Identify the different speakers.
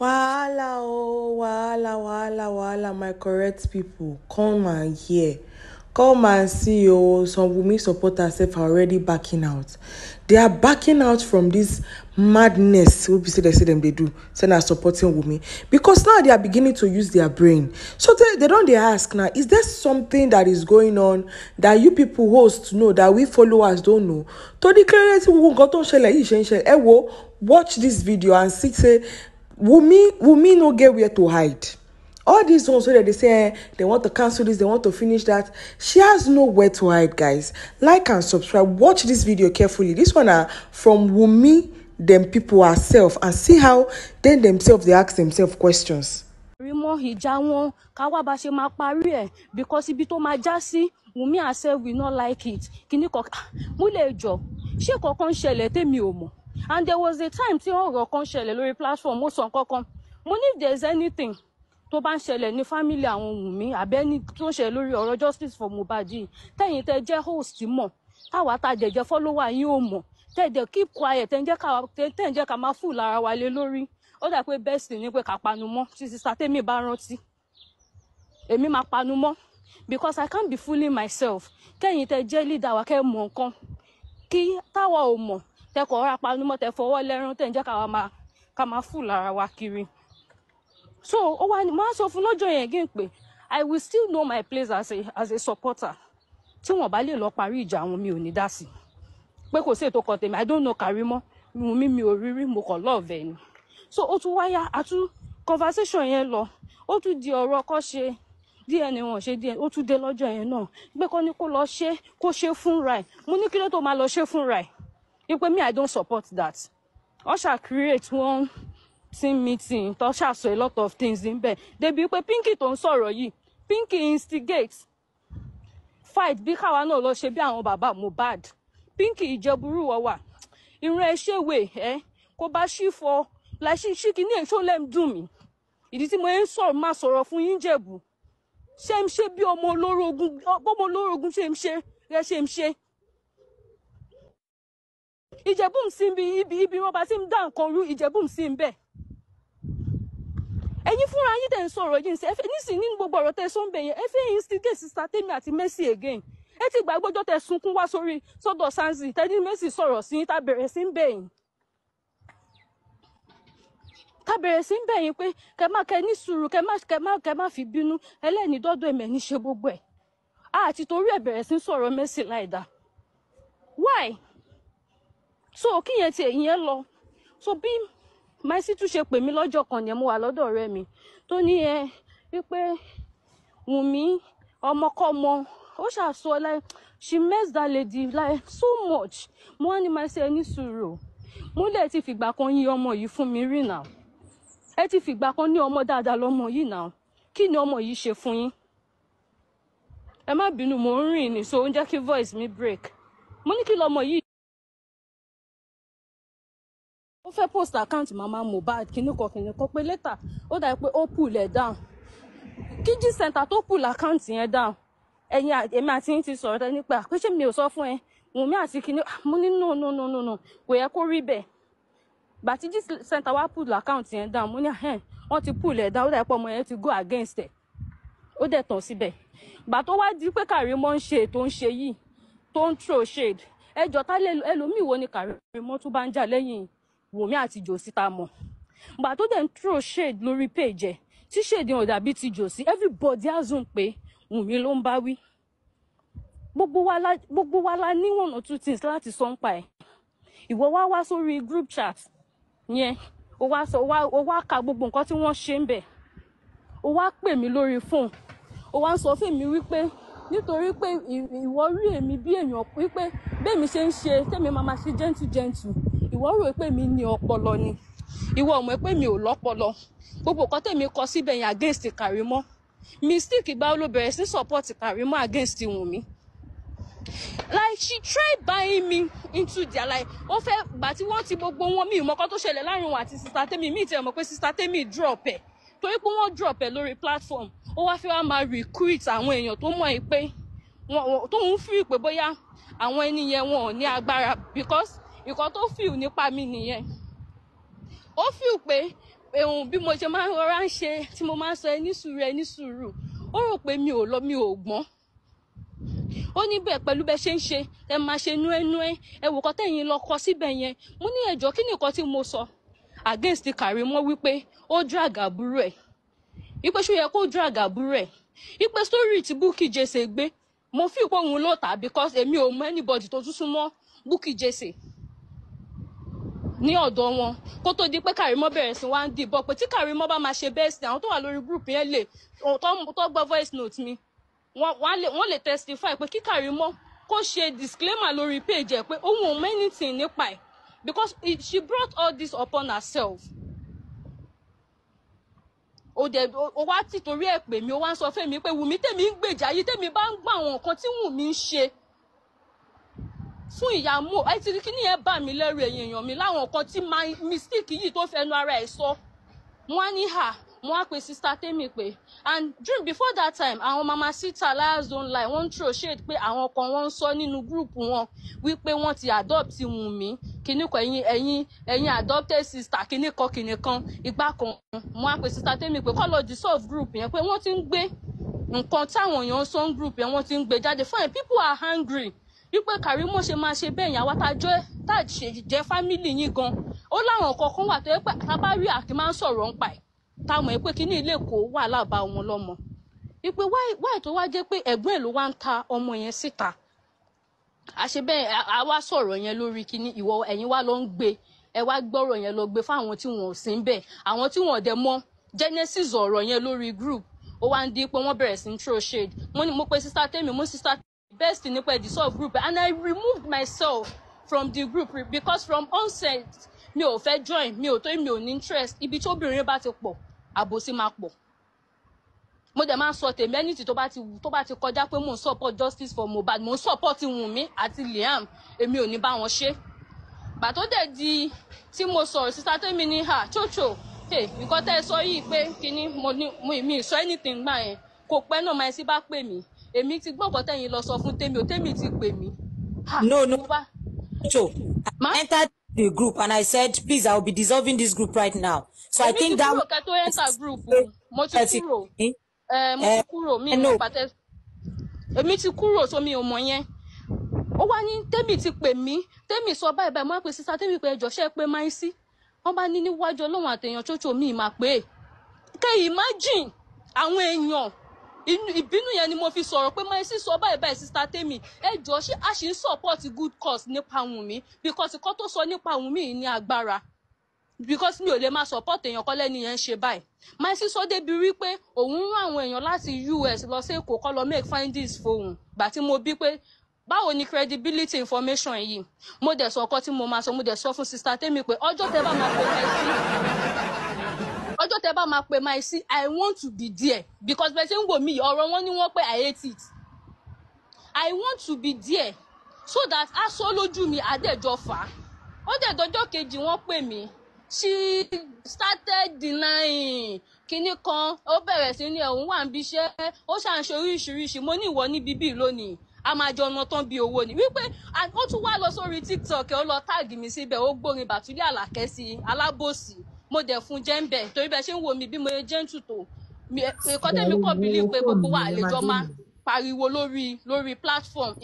Speaker 1: wahala o wahala wahala wahala my correct people, come and hear come and see o some women supporters sef are already backing out they are backing out from this madness wey be say they say them dey do say na supporting women because now they are beginning to use their brain so they don dey ask now is there something that is going on that you people host know that we followers don know To declare, tí gbogbo go tó ń ṣẹlẹ̀ yìí ṣe ewo watch this video and see say Wumi Wumi no get where to hide all these ones wey dem dey say eh dem want to cancel this dem want to finish that she has no where to hide guys like and subscribe watch this video carefully this one na from Wumi dem people herself and see how dem themselves dey ask themselves questions. rí ìjà wọn ká bá ṣe máa parí ẹ̀ because ibi tó máa já sí wunmi herself we no like it kìnnìkan ah, múlẹ̀ jọ ṣé kankan ṣẹlẹ̀ tèmi ò mọ̀ and there was a time tí ọ̀rọ̀ kan ṣẹlẹ̀ lórí platform mo sọ nǹkan kan mo ní if there is anything tó bá ń ṣẹlẹ̀ ní family àwọn Wùnmí àbẹ́ni tó ń ṣẹlẹ̀ lórí ọ̀rọ̀ justice for Mohbad yìí tẹ̀yìn tẹ jẹ́ host mọ̀ táwa tá jẹjẹ fọ́lọ́wà yín ò mọ̀ tẹ̀dẹ̀ keep quiet tẹ̀ ń jẹ́ ká máa fún lára wa lé lórí ó dà pé best ni pé ká panu mọ́ títí sátẹ́mì bá rántí èmi máa panu mọ́ because I can't be fooling myself kẹ́yìn tẹ jẹ́ leader wa kẹ́ mọ̀ nǹkan kí táwa ò mọ̀ tẹkọ̀ ọ̀rá panumọ́ tẹ fọwọ́ lẹ́rán tẹ̀ ń jẹ́ káwa máa ká máa fù lára wa kiri so ó wá ní máa sọ fún lọ́jọ́ yẹn again pé i will still know my place as a as a supporter tí wọn bá lè lọ parí ìjà àwọn mi ò ní dá sí pé kò sí ètò kan tèmi i don't know Karimo mi mi ò rírí mo kàn love ni so ó tún wáyà àtún conversation yẹn lọ ó tún di ọ̀rọ̀ kọ́ ṣe díẹ̀ ni wọ́n ṣe díẹ̀ ó tún dé lọ́jọ́ yẹn náà gbé kọ́ ni kó lọ ṣe kó ṣe fúnra ẹ̀ mo ní kí ló tó máa lọ ṣe fúnra ẹ̀ wípé me i don't support that usher create one team meeting tosha sọ a lot of things in níbẹ̀ débi pé Pinky to ń sọ̀rọ̀ yìí Pinky instigate fight bí káwa náà lọ ṣe bí àwọn bàbá Mohbad Pinky ìjẹburú wọ̀wà ìran ẹ ṣèwé ẹ kó bá ṣì fọ láì ṣì kìíní èso lẹ́m dùn mí ìdí tí mo ń sọ̀rọ̀ máa sọ̀rọ̀ fún yín jẹ̀bù ṣé ń ṣe bí ọmọ olórogún ṣé ń ṣe rẹ ṣé ń ṣe ìjẹ̀bú sí ibi ibi ibi wọn bá ti ń dá nǹkan rú ìjẹ̀bú sí ń bẹ̀. ẹ̀yin fúnra yín tẹ̀ ń sọ̀rọ̀ yìí ṣe ẹ̀fẹ̀ nísìn ní gbogbo ọ̀rọ̀ tẹ̀ sọ ń bẹ̀ yẹn ẹ̀fẹ̀ yìí instigate sister Temi àti Mercy again ẹ ti gbàgbọ́jọ́ tẹ̀ sunkún wá sórí sọ́dọ̀ Sanzi tẹ́ni Mercy sọ̀rọ̀ sí ta bẹ̀rẹ̀ sí ń bẹ̀ yín ká bẹ̀rẹ̀ sí ń bẹ̀ yín pé kẹ má kẹ ní sùúrù kẹ má kẹ má kẹ má fi bínú ẹlẹ́ni dọ́dọ̀ ẹ̀mẹ̀ ní ṣe gbogbo ẹ̀ àti torí ẹ̀ bẹ̀rẹ̀ sí sọ̀rọ̀ Mercy láìda why so kíyẹn ti èyí yẹn lọ so bí Maisitu ṣe pè mí lọ́jọ́ kan yẹn mo wà lọ́dọ̀ ọ̀rẹ́ mi tó ní ẹ wípé Wùnmí ọmọkọ́mọ ó ṣàṣọ like she mess that lady like so much mo wá ní Maisi ní sùúrù mo lè ti fìgbà kan yí ọmọ yìí fún mi rí náà ẹ ti fìgbà kan ní ọmọ dáadáa lọmọ yìí náà kí ni ọmọ yìí ṣe fún yín ẹ má bínú mo ń rìn ní so ó ń jẹ́ kí voice mi break mo ní kí lọmọ yìí ó fẹ́ post account mama Mohbad kìnnìkan kìnnìkan pé later ó dà pé ó pull ẹ̀ down kíjì center tó pull account yẹn down ẹ̀yin èmi àti yín ti sọ̀rọ̀ tẹ́ nípa pé ṣé mi ò sọ fún ẹ Wùnmí àti kìnnì ah, mo ní no no no no no kò yẹ kó rí bẹ́ẹ̀ bàtí jí center wá pull account yẹn down mo ní ẹ̀ wọ́n ti pull ẹ̀ down ó dà pé ọmọ yẹn ti go against ẹ̀ ó dẹ̀ tàn síbẹ̀ gbà tó wá di pé Kàrímọ́ ń ṣe ètò ń ṣe yìí tó ń throw shade ẹjọ́ tá ẹlòmíì wo ni Kàrímọ́ tún bá ń jà lẹ́yìn yìí Wùmí àti Jòsí tá a mọ̀ gbà tó dẹ̀ ń throw shade lórí page ẹ̀ tí shade yẹn ò dàbí ti Jòsí everybody assume pé Wùmí ló ń bá wí gbogbo wa la ní one or two things láti sọ ń pa ẹ̀ ìwọ wá wá sórí group chat yẹn o wá sọ o wá ka gbogbo nǹkan tí wọ́n ṣe ń bẹ̀ o wá pè mí lórí phone. o wá ń sọ fún mi wípé nítorí pé ìwọ rí èmi bí èèyàn wípé bẹ́ẹ̀mi ṣe ń ṣe tẹ́mi máa ma ṣe gentle gentle ìwọ rò pé mi ní ọpọlọ ni ìwọ ò mọ̀ pé mi ò lọ́pọlọ gbogbo nǹkan tẹ̀mí kọ síbẹ̀ yẹn against Kàrímọ́ mistake ìgbà ló bẹ̀rẹ̀ sí support Kàrímọ́ against Wùnmí like she tried buying me into their life ó fẹ́ gbà tí wọ́n ti gbogbo wọn mi ìmọ̀kọ́ tó ṣẹlẹ̀ láàrin wọn àti sista tẹ́mi mi ìtẹ̀yọ̀mọ̀ pé sista tẹ́mi drop ẹ̀ torí pé wọ́n drop ẹ̀ lórí platform ó wá fi wá máa recruit àwọn èèyàn tó mọ̀ ẹ́ pé tó ń feel pé bóyá àwọn ẹni yẹn wọn ò ní agbára because nǹkan tó feel nípa mi nìyẹn ó feel pé èhùn ehm, bí mo ṣe máa ń rọra ń ṣe tí mo máa ń sọ ẹ ní sùúrù ẹ ní sùúrù ó rò pé mi ò lọ mi ò gbọ́n ó ní bẹ́ẹ̀ pẹ̀lú bẹ́ẹ̀ ṣe ń ṣe ẹ máa ṣe nú ẹ nú ẹ ẹ wò kọ́ tẹ̀yìn lọ kọ síbẹ̀ yẹn mo ní ẹ̀jọ́ kí nìkan tí mo sọ against the carry Karimot wípé ó drag àbúrò ẹ̀ wípé ṣó yẹ kó drag àbúrò ẹ̀ wípé story tí Bukky Jesse gbé mo fi pé òun ló tà because èmi ò mọ anybody tó tún súnmọ́ Bukky Jesse ní ọ̀dọ̀ wọn kó tó di pé Karimot bẹ̀rẹ̀ sí wá ń dìbọ̀ pé tí Karimot bá máa ṣe bẹ́ẹ̀ sí àwọn tó wà lórí group yẹn lè tó gbọ́ voice note mi wọ́n lè testify pé kí Karimot kó ṣe disclaimer lórí page ẹ̀ pé òun ò mọ anything nípa ẹ̀ because she brought all this upon herself o dẹ o wa ti torí ẹ pè mí o wá ń sọ fẹmi pé Wùmí tèmi ń gbèjà yìí tèmi bá ń gbọ́ àwọn nǹkan tí Wùmí ń ṣe fún ìyá Mo ẹ ti kí nìyẹn bà mí lẹ́rù ẹ̀yìn èèyàn mi láwọn nǹkan tí mistake yi to fẹnu ara ẹ̀ so. wọ́n á ní hà wọ́n á pe sista tèmi pé and dream before that time àwọn mama sita liars don't lie wọ́n ń throw shade pé àwọn kan wọ́n ń sọ nínú gúrùpù wọn wípé wọ́n ti adopt Wùmí kinní kan ẹ̀yin ẹ̀yin ẹ̀yin adopted sister kinní kan kinní kan ìgbà kan mo á pe sister tèmi pé kọ́ lọ group yẹn pé wọ́n ti ń gbé nǹkan táwọn èèyàn sọ group yẹn wọ́n ti ń gbé jáde fún yẹn people are hungry wípé Karimo ṣe máa ṣe bẹ́ẹ̀ yẹn àwa tá a jẹ́ family yín gan ó láwọn kọ̀ọ̀kan wà tó yẹ pé tá a bá rí àkè máa ń sọ̀rọ̀ ń pa ẹ̀ táwọn èèyàn pé kí ní ilé kó wà lábàá wọn lọ́mọ wípé wáì tó wá jẹ́ pé ẹ̀gbọ́n ẹ̀ ló wá ń ta ọmọ yẹn síta àṣebẹ́ àwa sọ̀rọ̀ yẹn lórí kíní ìwọ ẹ̀yin wa ló ń gbé ẹ wá gbọ́rọ̀ yẹn lọ gbé fáwọn tí wọn ò sí ń bẹ̀ àwọn tí wọn ò dẹ̀ mọ genesis ọ̀rọ̀ yẹn lórí group ó wá ń di pé wọ́n bẹ̀rẹ̀ sí ń throw shade mo ní mo pe sister tèmi mo sister best nípa dissolve group and I removed myself from the group because from onset mi ò fẹ́ join mi ò tó mi ò ní interest ibi tí obìnrin bá ti pọ̀ àbòsí máa pọ̀ mo dẹ̀ máa sọ tèmi ẹnìtì tó bá ti tó bá ti kọjá pé mò ń support justice for Mohbad mò ń support Wunmi àti Liam èmi ò ní bá wọn ṣe gbà dẹ̀ di tí mo sọ̀rọ̀ sísá tèmi ní ha chocho nǹkan tẹ́ ẹ sọ yìí pé kínní mo ní mi ì sọ anything gbà yẹn kò pẹ́ náà máa ṣe bá pè mí èmi ti gbọ́ nǹkan tẹ́yìn lọ sọ fún tèmi ò tèmi ti pè mí. no no chocho I entered the group and I said please I will be dissolving this group right now so I think that. èmi ti kúrò kẹ́tọ́ enter group mo ti kúrò mo ti kúrò mi ò pàtẹ èmi ti kúrò sómi ò mọ yẹn ó wá ní tẹ́mi ti pè mí tẹ́mi sọ báyìí báyìí mo á pè sísá tẹ́mi pé ẹjọ́ ṣe é pé máa ń sí wọ́n bá ní níwájú ọlọ́run àtẹ̀yàn ṣoṣo mi máa pè é e. kẹ́ imagine àwọn èèyàn ìbínú yẹn ni mo fi sọ̀rọ̀ pé máa ń sì sọ báyìí báyìí sísá tèmi ẹ jọ ṣé a good cause nípa Wùnmí because kọ́ tó sọ nípa Wùnmí ní agbára because mi ò lè máa support èèyàn kọ́lẹ́ nìyẹn ń ṣe báyìí my sister débi rí pé òun rán àwọn èèyàn láti US lọ sí Èkó kọ́ lọ make findings fóun gbà tí mo bí pé báwo ni credibility information yìí mo dẹ̀ sọ ọkọ tí mo máa sọ mo dẹ̀ sọ fún sista tèmi pé ọjọ́ tẹ bá máa pè máa sí ọjọ́ tẹ bá máa pè máa sí I want to be there because bẹ́ẹ̀ ṣe ń wò mí ọ̀rọ̀ wọn ni wọ́n pé I hate it I want to be there so that aṣọ lójú mi àdéjọ fà á ó dẹ̀ dọjọ́ kejì wọ́n pè mí she started denying kinní kan ó bẹ̀rẹ̀ sí ní ẹ̀hún wà ń bí iṣẹ́ ó ṣàǹṣe oríṣiríṣi mo ní ìwọ níbi bíi lónìí a máa jọ ọ̀nà tán bí owó ni wípé ó tún wá lọ sórí tiktok ó lọ táàgì mi síbẹ̀ ó gbórin bàtúlẹ̀ àlàkẹ́ sí alábòsí mo dẹ̀ fún jẹ́ńbẹ̀ torí bẹ́ẹ̀ ṣe ń wo mi bí mo yẹ jẹ́ńtù tó ìkọ́tẹ́mi kọ́ bílí pé gbogbo wa àlejò máa pariwo lórí lórí platform